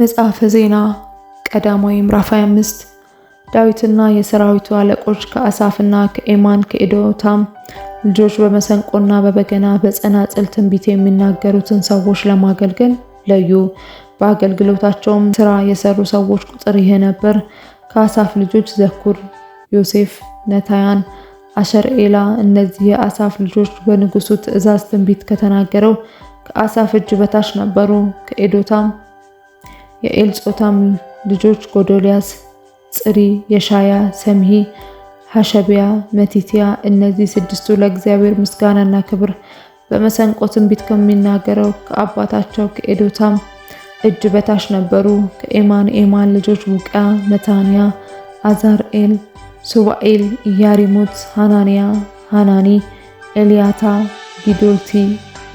መጽሐፈ ዜና ቀዳማዊ ምዕራፍ 25 ዳዊትና የሰራዊቱ አለቆች ከአሳፍና ከኤማን ከኤዶታም ልጆች በመሰንቆና በበገና በጸናጽል ትንቢት የሚናገሩትን ሰዎች ለማገልገል ለዩ። በአገልግሎታቸውም ስራ የሰሩ ሰዎች ቁጥር ይሄ ነበር። ከአሳፍ ልጆች ዘኩር፣ ዮሴፍ፣ ነታያን፣ አሸርኤላ። እነዚህ የአሳፍ ልጆች በንጉሱ ትእዛዝ ትንቢት ከተናገረው ከአሳፍ እጅ በታች ነበሩ። ከኤዶታም የኤልጾታም ልጆች ጎዶልያስ፣ ጽሪ፣ የሻያ፣ ሰምሂ፣ ሐሸቢያ፣ መቲትያ። እነዚህ ስድስቱ ለእግዚአብሔር ምስጋናና ክብር በመሰንቆ ትንቢት ከሚናገረው ከአባታቸው ከኤዶታም እጅ በታች ነበሩ። ከኤማን ኤማን ልጆች ቡቅያ፣ መታንያ፣ አዛርኤል፣ ሱባኤል፣ ኢያሪሙት፣ ሃናንያ፣ ሃናኒ፣ ኤልያታ፣ ጊዶልቲ፣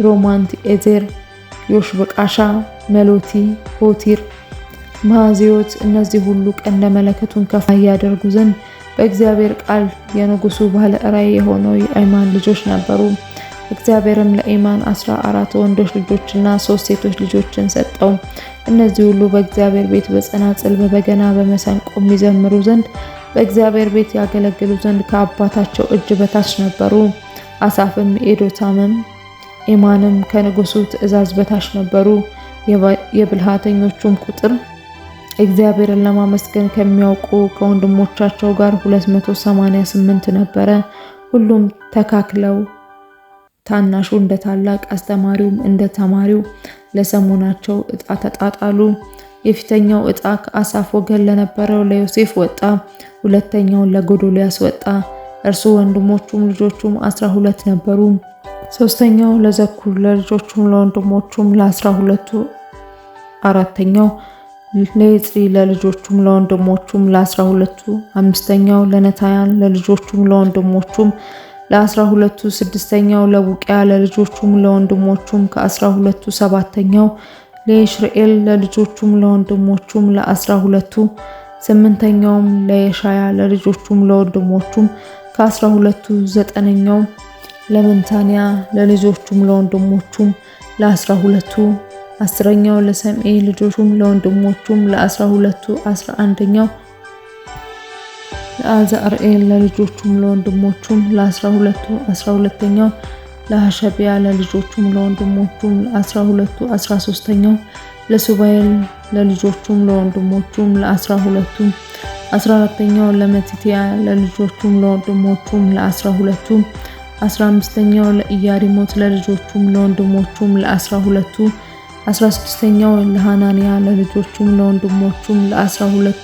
ሮማንቲ ኤዜር፣ ዮሽበቃሻ፣ መሎቲ፣ ሆቲር መሐዜዎች እነዚህ ሁሉ ቀንደ መለከቱን ከፍ ያደርጉ ዘንድ በእግዚአብሔር ቃል የንጉሱ ባለ ራእይ የሆነው የአይማን ልጆች ነበሩ። እግዚአብሔርም ለኢማን አስራ አራት ወንዶች ልጆችና ሶስት ሴቶች ልጆችን ሰጠው። እነዚህ ሁሉ በእግዚአብሔር ቤት በጸናጽል በበገና በመሰንቆ የሚዘምሩ ዘንድ በእግዚአብሔር ቤት ያገለግሉ ዘንድ ከአባታቸው እጅ በታች ነበሩ። አሳፍም፣ ኤዶታምም፣ ኢማንም ከንጉሱ ትእዛዝ በታች ነበሩ። የብልሃተኞቹም ቁጥር እግዚአብሔርን ለማመስገን ከሚያውቁ ከወንድሞቻቸው ጋር 288 ነበረ። ሁሉም ተካክለው ታናሹ እንደ ታላቅ፣ አስተማሪውም እንደ ተማሪው ለሰሞናቸው ዕጣ ተጣጣሉ። የፊተኛው ዕጣ ከአሳፍ ወገን ለነበረው ለዮሴፍ ወጣ። ሁለተኛውን ለጎዶልያስ ወጣ። እርሱ ወንድሞቹም ልጆቹም አስራ ሁለት ነበሩ። ሶስተኛው ለዘኩር ለልጆቹም ለወንድሞቹም ለአስራ ሁለቱ አራተኛው ለይጽሪ ለልጆቹም ለወንድሞቹም ለአስራ ሁለቱ አምስተኛው ለነታያን ለልጆቹም ለወንድሞቹም ለአስራ ሁለቱ ስድስተኛው ለቡቅያ ለልጆቹም ለወንድሞቹም ከአስራ ሁለቱ ሰባተኛው ለየሽርኤል ለልጆቹም ለወንድሞቹም ለአስራ ሁለቱ ስምንተኛውም ለየሻያ ለልጆቹም ለወንድሞቹም ከአስራ ሁለቱ ዘጠነኛው ለመንታንያ ለልጆቹም ለወንድሞቹም ለአስራ ሁለቱ አስረኛው ለሰምኤ ልጆቹም ለወንድሞቹም ለአስራ ሁለቱ አስራ አንደኛው ለአዛርኤል ለልጆቹም ለወንድሞቹም ለአስራ ሁለቱ አስራ ሁለተኛው ለሐሸቢያ ለልጆቹም ለወንድሞቹም ለአስራ ሁለቱ አስራ ሶስተኛው ለሱባኤል ለልጆቹም ለወንድሞቹም ለአስራ ሁለቱ አስራ አራተኛው ለመቲትያ ለልጆቹም ለወንድሞቹም ለአስራ ሁለቱ አስራ አምስተኛው ለኢያሪሞት ለልጆቹም ለወንድሞቹም ለአስራ ሁለቱ 16ኛው ለሃናንያ ለልጆቹም ለወንድሞቹም ለአስራ ሁለቱ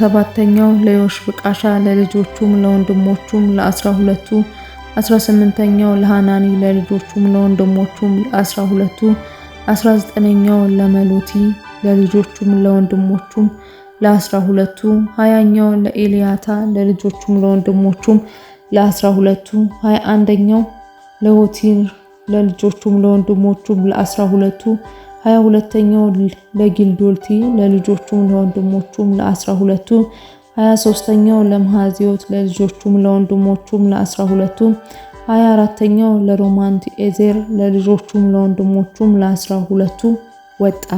ሰባተኛው ለዮሽ ብቃሻ ለልጆቹም ለወንድሞቹም ለአስራ ሁለቱ አስራ ስምንተኛው ለሃናኒ ለልጆቹም ለወንድሞቹም ለአስራ ሁለቱ አስራ ዘጠነኛው ለመሎቲ ለልጆቹም ለወንድሞቹም ለአስራ ሁለቱ ሀያኛው ለኤልያታ ለልጆቹም ለወንድሞቹም ለአስራ ሁለቱ ሀያ አንደኛው ለሆቲር ለልጆቹም ለወንድሞቹም ለአስራ ሁለቱ ሀያ ሁለተኛው ለጊልዶልቲ ለልጆቹም ለወንድሞቹም ለአስራ ሁለቱ ሀያ ሶስተኛው ለመሐዚዮት ለልጆቹም ለወንድሞቹም ለአስራ ሁለቱ ሀያ አራተኛው ለሮማንት ኤዜር ለልጆቹም ለወንድሞቹም ለአስራ ሁለቱ ወጣ።